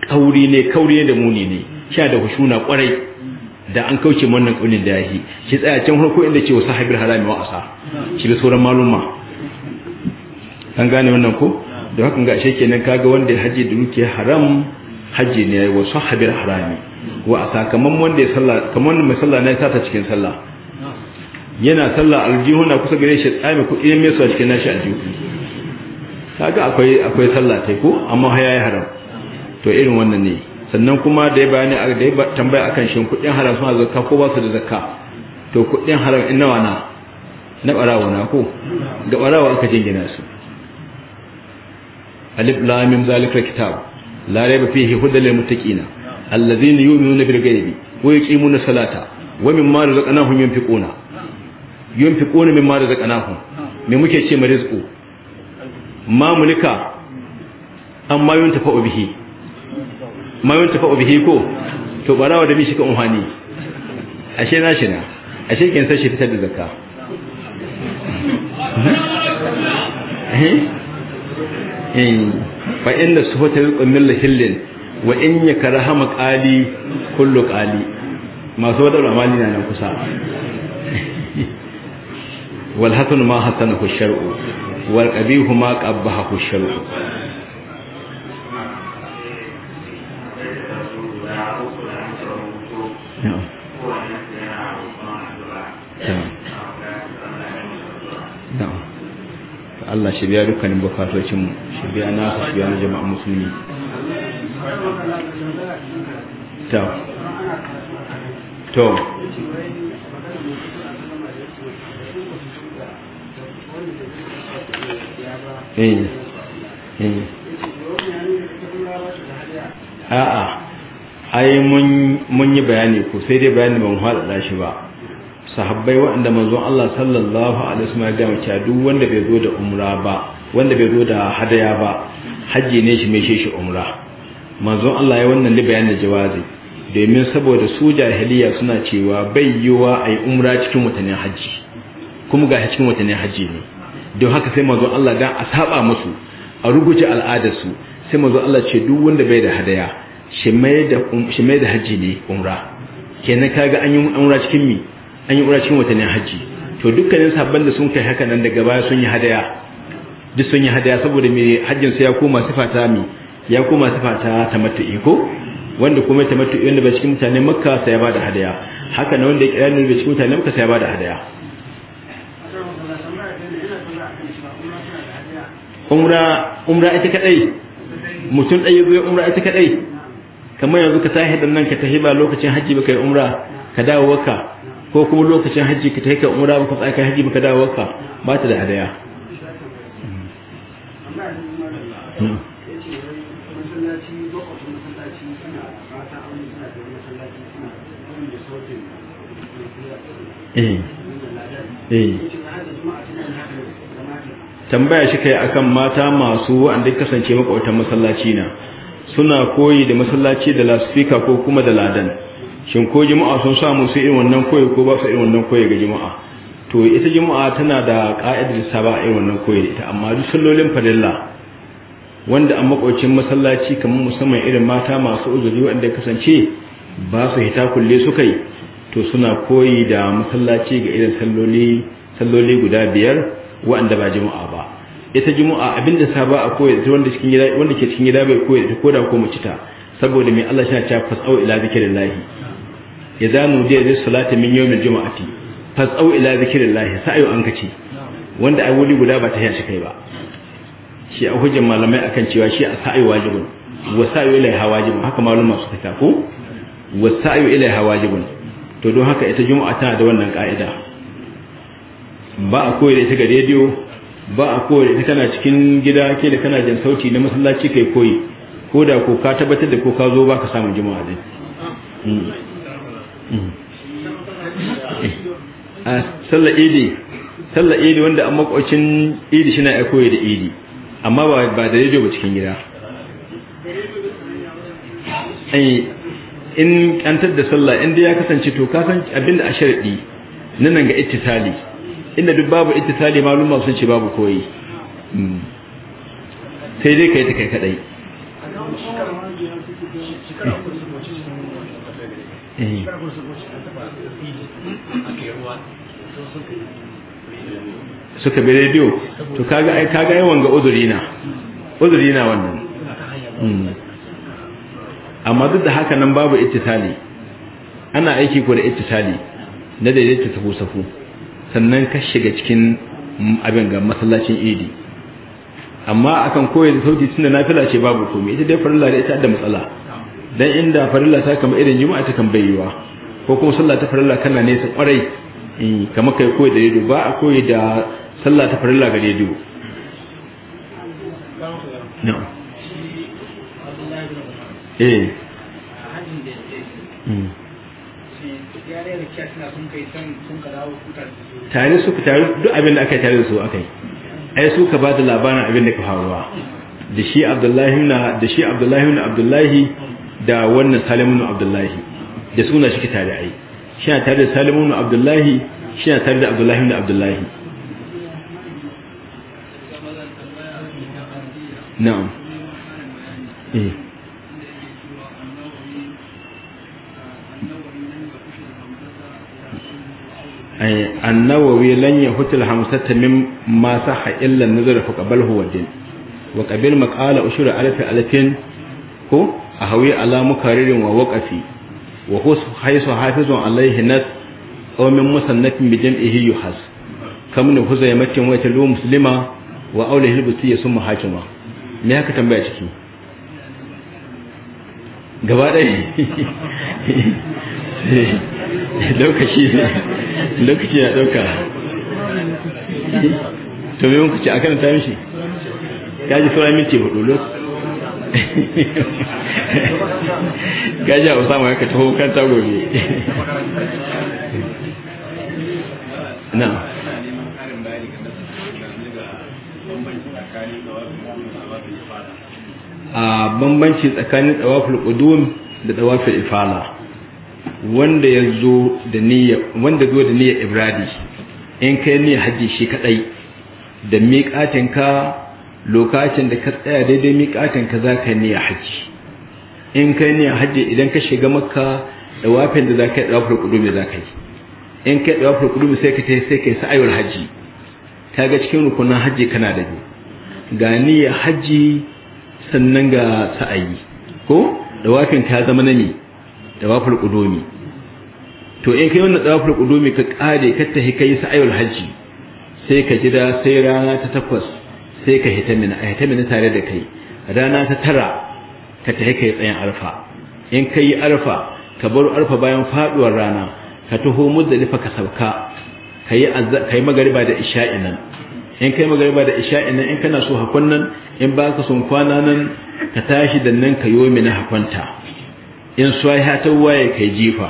Speaker 1: kauri ne kauri ne da muni ne sha da hushuna kwarai da an kauce ma wannan kaulin da yahi shi tsaya can harko inda ce sahabir harami wa asa shi da sauran maluma an gane wannan ko da hakan ga shi kenan kaga wanda haji da muke haram haji ne wa sahabir harami wa asa kaman wanda ya salla kaman mai salla ne ya sata cikin sallah yana sallah aljihu na kusa gare shi tsami kuɗi mai su a cikin nashi aljihu kaga akwai akwai sallah tai ko amma haya ya haram to irin wannan ne sannan kuma da bayani a da tambaya akan shin kudin haram suna zakka ko ba su da zakka to kudin haram in nawa na na barawa na ko ga barawa aka jingina su alif lam mim zalika kitab la rayba fihi hudal lil muttaqina alladhina yu'minuna bil ghaibi wa yuqimuna salata wa mimma razaqnahum yunfiquna mara mimma razaqnahum me muke ce ma rizqu ma mulika amma yuntafa bihi ma yuntafa bihi ko to barawa da mi shi ka umhani ashe na shi na ashe kin san shi fitar da Ba eh? eh. fa inna sufata rizqun min hillin, wa in rahama ƙali kullu ƙali, masu wadar amalina na nan kusa wal hasanu ma hasanahu shar'u Allah shi biya dukkanin bukatocinmu shi biya shi biya na musulmi to a'a ai mun yi bayani ko sai dai bayani ban hada shi ba sahabbai waɗanda manzon Allah sallallahu alaihi wasallam ya mace duk wanda bai zo da umra ba wanda bai zo da hadaya ba haji ne shi mai shi umra manzon Allah ya wannan da bayanin jawazi domin saboda su jahiliya suna cewa bai yiwa ai umra cikin mutanen haji kuma ga cikin watannin hajji ne don haka sai manzo Allah da a saba musu a ruguje al'adar su sai manzo Allah ce duk wanda bai da hadaya shi mai da um, shi mai da hajji ne umra kenan kaga an yi umra cikin mi an yi umra cikin watannin hajji to dukkanin sabban da sun kai haka nan daga baya sun yi hadaya duk sun yi hadaya saboda me hajjin su ya koma sifata mi ya koma sifata tamattu'i ko wanda kuma tamattu'i wanda ba cikin mutanen makka sai ya bada hadaya haka nan wanda ya kira ne ba cikin mutanen makka sai ya bada hadaya umra ita kadai mutum ɗaya zai umra ita kadai kamar yanzu ka tahi dan nan ka tahi ba lokacin haji ba kai umra ka dawo waka ko kuma lokacin haji ka tahi ka umra ba ka tsaya kai haji ba ka dawo waka ba ta da hadaya
Speaker 2: hmm. eh eh tambaya shi kai akan mata masu wanda kasance makwatan masallaci na
Speaker 1: suna koyi da masallaci da lasfika ko kuma da ladan shin ko jama'a sun samu su irin wannan koyi ko ba su irin wannan koyi ga jama'a to ita jama'a tana da ka'idar saba irin wannan koyi da ita amma duk sallolin farilla wanda an makwacin masallaci kamar musamman irin mata masu uzuri wanda kasance ba su hita kulle su kai to suna koyi da masallaci ga irin salloli guda biyar wanda ba juma'a ba ita juma'a abinda sa ba a koyi da wanda cikin gida wanda ke cikin gida bai koyi da koda ko mace ta saboda mai Allah shi ya fasau ila zikrillah zanu da zai salati min yawmin juma'ati fasau ila zikrillah sai an kace wanda ai wuri guda ba ta yashi kai ba shi a hujjar malamai akan cewa shi a sa'i wajibun wa sa'i ila wajibun haka maluma suka ta ko wa sa'i ila wajibun to don haka ita juma'a tana da wannan ka'ida ba a koyi da ita ga rediyo ba a koyi da ita kana cikin gida ke da kana jin sauti na masallaci kai koyi ko da ko ka tabbatar da ko ka zo ba ka samun jima'a dai mm.
Speaker 2: Mm. Eh.
Speaker 1: a sallar idi sallar idi wanda an makwacin idi shi na ya koyi da idi amma ba da rediyo ba cikin gida eh, in kantar da sallah inda ya kasance to kasan abinda a sharadi nan ga ittisali inda duk babu ittisali maluma sun ce babu koyi sai dai kai ta kai kadai eh. suka bi rediyo to kaga ai kaga yawan ga uzuri na uzuri na wannan hmm. amma duk da haka nan babu ittisali ana aiki ko da ittisali na daidaita sahu safu sannan ka shiga cikin abin ga masallacin idi amma akan koyar da sauti tunda fila ce babu komai ita dai farilla da ita da matsala dan inda farilla ta kama irin juma'a ta kan bayyuwa ko kuma sallah ta farilla kana nesa kwarai kamar kai koyi da rediyo ba a koyi da sallah ta farilla ga rediyo na'am eh
Speaker 2: katsina sun kai can sun ka dawo tare su ku tare
Speaker 1: duk abin da aka yi tare su aka yi ai su ka ba da labarin abin da ka faruwa da shi abdullahi na da shi abdullahi na abdullahi da wannan salimu na abdullahi da suna shi tare ai shi na tare da salimu na abdullahi shi na tare da abdullahi na abdullahi na'am eh annawawi lan yahutul hamsata min ma saha illa nazar fa qabal huwa din wa qabil maqala ushura alif alifin ko ahawi ala mukaririn wa waqafi wa hus haythu hafizun alayhi nas aw min musannafin bi jam'ihi yuhas kam ne huzaimatin wa talu muslima wa aulihi albutiyya summa hakima me haka tambaya ciki gaba dai
Speaker 2: lokaci lokaci ya dauka to me mun kuce akan ta mishi ya sura sauran minti hudu lo a usama ya ka taho kan ta gobe na
Speaker 1: a bambanci tsakanin tsawafin ƙudum da tsawafin ifala wanda ya zo da niyya wanda zo da niyya ibradi in kai ne haji shi kadai da miƙatin ka lokacin da ka tsaya daidai miƙatin ka za ka niyya haji in kai niyya haji idan ka shiga makka da wafin da za ka yi ɗawafar mai za ka yi in ka yi ɗawafar ƙudumi sai ka sai ka yi sa'ayar haji ta ga cikin rukunan haji kana da biyu ga niyya haji sannan ga sa'ayi ko da wafin ka zama na ne tawaful qudumi to in kai wannan tawaful qudumi ka kare ka tahi kai sa'ayul haji sai ka jira sai rana ta takwas sai ka hita mina a hita mina tare da kai rana ta tara ka tahi kai tsayin arfa in kai arfa ka bar arfa bayan faduwar rana ka taho muzdalifa ka sauka kai kai magariba da isha'i nan in kai magariba da isha'i nan in kana so hakon nan in ba ka sun kwana nan ka tashi da nan ka yomi na hakonta in swahiya ta waye kai jifa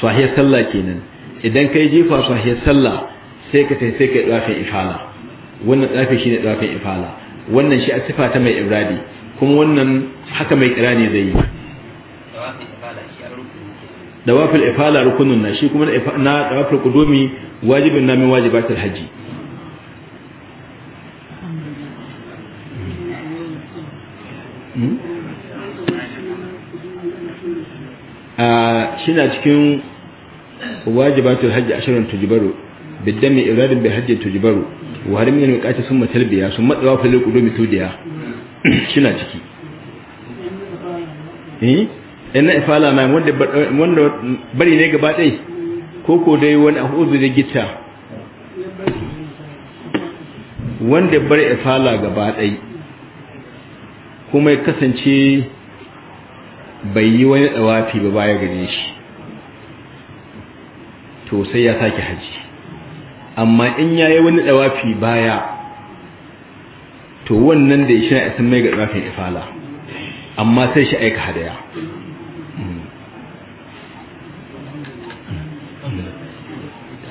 Speaker 1: swahiyar sallah kenan idan kai jifa swahiyar sallah sai ka tai sai kai dafin ifala wannan dafi shine dafin ifala wannan shi a sifa ta mai ibradi kuma wannan haka mai kirani zai yi dawafil ifala rukunun na shi kuma na dawafil qudumi wajibin na min wajibatul haji Mm-hmm. shi na cikin wajibatul hajji ashirin tujibaru biddami iradin bai hajji tujibaru wa har min miqati summa talbiya summa tawafu lil qudumi tudiya shi na ciki eh ina ifala mai wanda wanda bari ne gaba dai koko dai wani ahuzu da gita wanda bari ifala gaba dai kuma ya kasance bai yi wani tsawafi ba baya gare shi to sai ya sake haji amma in ya yi wani tsawafi baya to wannan da ya shi na isan mai ga tsawafin ifala amma sai shi aika hadaya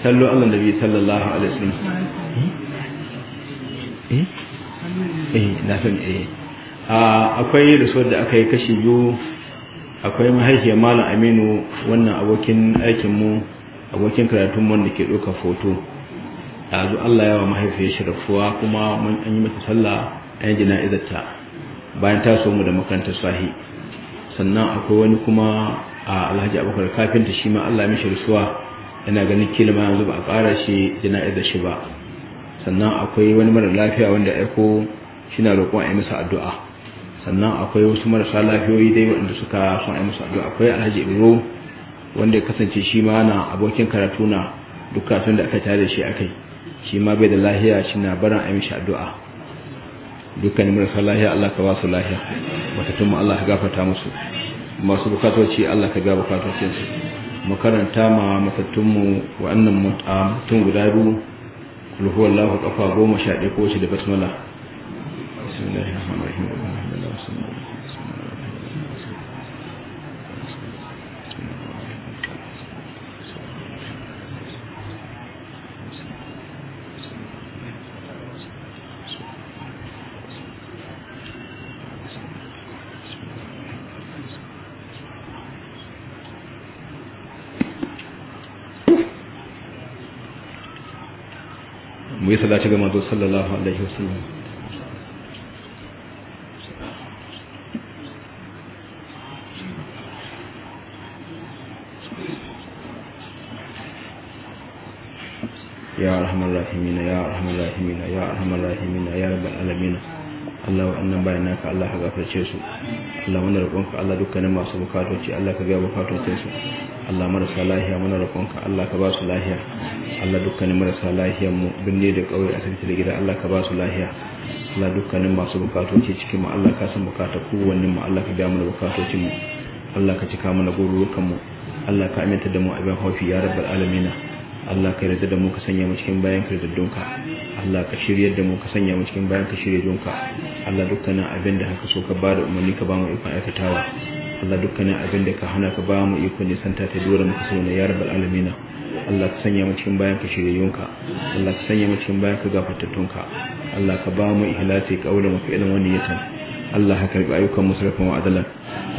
Speaker 1: sallu allah da biyu sallallahu alaihi wasallam
Speaker 2: eh eh, eh na san
Speaker 1: eh ah, akwai rasuwar da aka yi kashi biyu akwai mahaifiyar malam aminu wannan abokin aikinmu abokin karatunmu wanda ke ɗauka foto a zuwa allah yawa mahaifiyar shirafuwa kuma mun an yi mata sallah a yin ta, bayan taso mu da makarantar sahi sannan akwai wani kuma a alhaji abubakar kafinta shi ma allah mishi rasuwa yana ganin kila yanzu ba a ƙara shi jana'izar shi ba sannan akwai wani mara lafiya wanda aiko shi na roƙon a yi masa addu'a sannan akwai wasu marasa lafiyoyi dai waɗanda suka son a musu addu'a akwai alhaji ibro wanda ya kasance shi ma na abokin karatu na duka sun da aka tare da shi akai shi ma bai da lahiya shi na barin a mishi addu'a dukkan marasa lahiya Allah ka ba su lahiya tun mu Allah ka gafarta musu masu bukatoci Allah ka ga bukatocin su makaranta ma matattun mu wa'annan mutum guda biyu kulhu wallahu kafa goma sha ɗaya ko shi da basmala bismillahirrahmanirrahim mu yi salati ga manzo sallallahu alaihi wasallam waɗannan bayan naka Allah ka gafarce su Allah mana roƙonka Allah dukkanin masu bukatoci Allah ka biya bukatocin su Allah marasa lahiya mana roƙonka Allah ka ba su lahiya Allah dukkanin marasa lahiyan mu binne da ƙauye a cikin gida Allah ka ba su lahiya Allah dukkanin masu bukatoci cikin mu Allah ka san bukatar kowanne mu Allah ka biya mana bukatocin mu Allah ka cika mana gururukan mu Allah ka aminta da mu abin haufi ya rabbal alamin Allah ka yarda da mu ka sanya mu cikin bayan ka da dunka Allah ka shiryar da mu ka sanya mu cikin bayan ka shirye jonka Allah dukkanin abin da haka so ka ba da umarni ka ba mu ikon aikatawa Allah dukkanin abin da ka hana ka ba mu ikon san ta ta dora muka sanya ya rabbal alamina Allah ka sanya mu cikin bayan ka shirye jonka Allah ka sanya mu cikin bayan ka gafartattunka Allah ka ba mu ihlasi aure mu fi'lan wa niyatan Allah ka karbi ayyukan mu sarfa mu adalan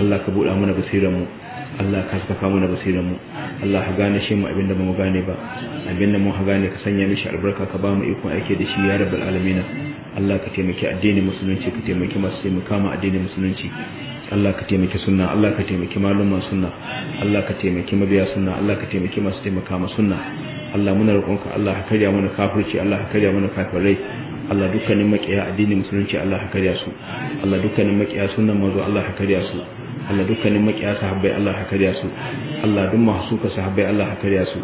Speaker 1: Allah ka buɗa mana basiran mu Allah ka saka mana basiran mu Allah ka gane shi mu abinda mu gane ba abinda mu gane ka sanya mishi albarka ka ba mu ikon aiki da shi ya rabbal alamin Allah ka taimaki addinin musulunci ka taimaki masu taimaka ma addinin musulunci Allah ka taimaki sunna Allah ka taimaki malumman sunna Allah ka taimaki mabiya sunna Allah ka taimaki masu taimaka sunna Allah muna ka Allah ka karya mana kafirci Allah ka karya mana kafirai Allah dukkanin makiya addinin musulunci Allah ka karya su Allah dukkanin makiya sunnan manzo Allah ka karya su Allah dukkanin makiya sahabbai Allah ka karya su Allah duk masu suka sahabbai Allah ka karya su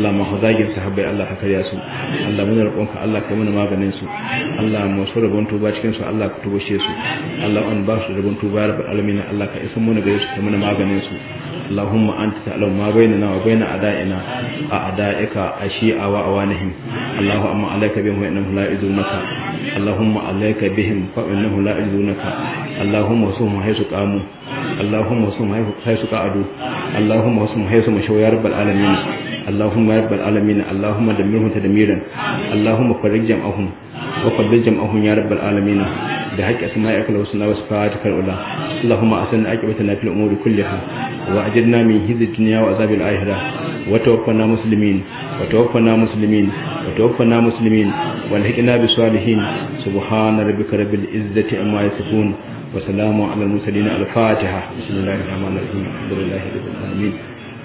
Speaker 1: Allah masu zagin sahabbai Allah ka karya su Allah muna roƙonka Allah ka muna maganin su Allah masu rabon tuba cikin su Allah ka tubashe su Allah an ba su rabon tuba rabbal alamin Allah ka isa mana gare su ka muna maganin su اللهم أنت تعلم ما بيننا وبين أدائنا أعدائك أشياء وأوانهم اللهم عليك بهم فإنهم لا يؤذونك اللهم عليك بهم فإنهم لا يؤذونك اللهم وصهم حيث قاموا اللهم وصهم حيث قعدوا اللهم وصهم حيث مشوا يا رب العالمين اللهم يا رب العالمين اللهم دمرهم تدميرا اللهم فرج جمعهم وقبل جمعهم يا رب العالمين بحق أسمائك الحسنى وصفاتك العلى اللهم أحسن عاقبتنا في الأمور كلها وأجرنا من خزي الدنيا وعذاب الآخرة وتوفنا مسلمين وتوفنا مسلمين وتوفنا مسلمين والحقنا بالصالحين سبحان ربك رب العزة عما يصفون وسلام على المرسلين الفاتحة بسم الله الرحمن الرحيم الحمد لله رب العالمين